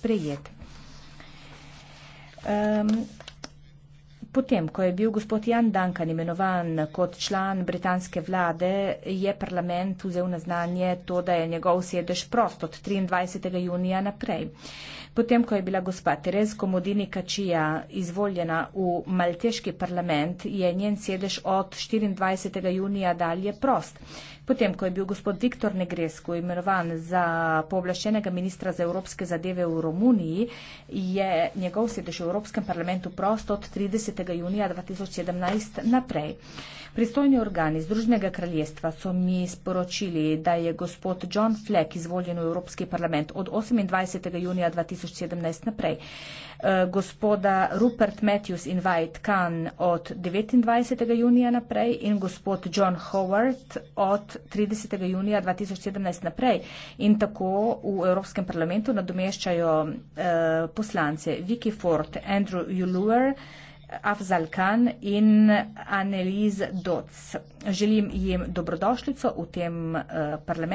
prejet. Um, Potem, ko je bil gospod Jan Duncan imenovan kot član britanske vlade, je parlament vzel na znanje to, da je njegov sedež prost od 23. junija naprej. Potem, ko je bila gospa Teres Komodini Kačija izvoljena v malteški parlament, je njen sedež od 24. junija dalje prost. Potem, ko je bil gospod Viktor Negresko imenovan za pooblaščenega ministra za evropske zadeve v Romuniji, je njegov sedež v Evropskem parlamentu prost od 30. 30 junija 2017 naprej. Pristojni organi Združnega kraljestva so mi sporočili, da je gospod John Fleck izvoljen v Evropski parlament od 28. junija 2017 naprej. Eh, gospoda Rupert Matthews in White Kahn od 29. junija naprej in gospod John Howard od 30. junija 2017 naprej in tako v Evropskem parlamentu nadomeščajo uh, poslance Vicky Ford, Andrew Ulluer, Afzal Khan in Annelise Dodds. Želim jim dobrodošljico v tem eh, parlamentu.